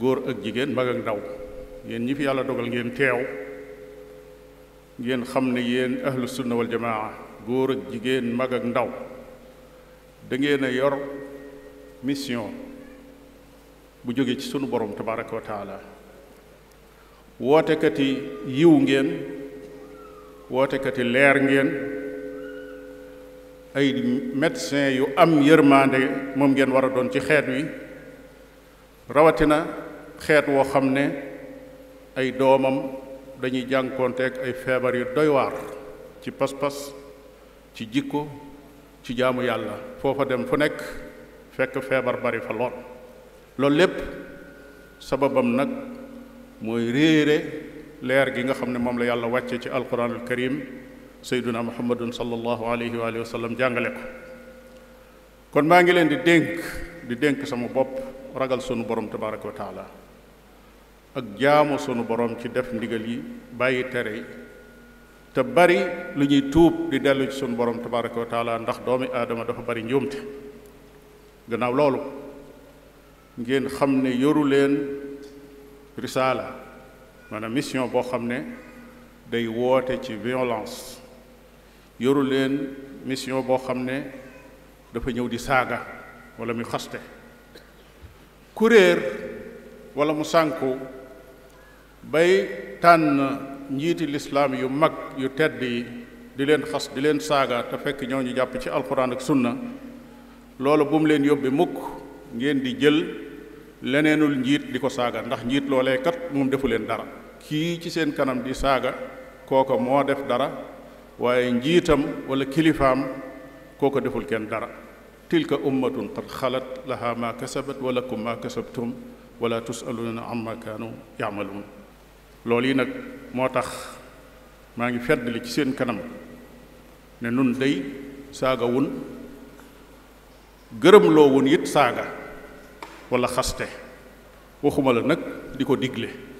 góor ak jigéen mag ak ndaw yéen ñi fi yàlla dogal ngeen teew ngeen xam ne yéen ahlu sunna wal jamaa góor ak jigéen mag ak ndaw da ngeen a yor mission bu jóge ci sunu borom tabaraka wa wootekati yiw ngeen wootekati leer ngeen ay médecin yu am yërmande moom ngeen war a doon ci xeet wi rawatina xeet woo xam ne ay doomam dañuy jànkoonteeg ay feebar yu doy ci pas-pas ci jikko ci jaamu yàlla foofa dem fu nekk fekk feebar bari fa lool loolu lépp sababam nag mooy réere leer gi nga xam ne moom la yàlla wàcce ci alquran al karim sayduna muhammadun sallallahu alayhi wa sallam jàngale ko kon maa ngi leen di dénk di dénk sama bopp ragal sunu borom tabaraka wa taala ak jaamu sunu borom ci def ndigal yi bàyyi tere yi te bari lu ñuy tuub di dellu ci sunu borom tabaraka wa taala ndax doomi aadama dafa bari njuumte gannaaw loolu ngeen xam ne yoru leen risaala maanaam mission boo xam ne day woote ci violence yoru leen mission boo xam ne dafa ñëw di saaga wala muy xaste kuréer réer wala mu sànku bay tànn njiiti lislaam yu mag yu tedd yi di leen xas di leen saaga te fekk ñoo ñu jàpp ci alxuraan ak sunna loolu bu mu leen yóbbi mukk ngeen di jël leneenul njiit di ko saaga ndax njiit loolee kat moom defu leen dara kii ci seen kanam di saaga kooko moo def dara waaye njiitam walla kilifaam kooko deful kenn dara تلك أمة قد خلت لها ما كسبت ولكم ما كسبتم ولا تسألون عما كانوا يعملون لولي موتخ ما يفرد لكسين لك سين كنم ننون دي ساقا ون گرم لو ون يت ساقا ولا خسته وخمالنك نك ديكو ديگلي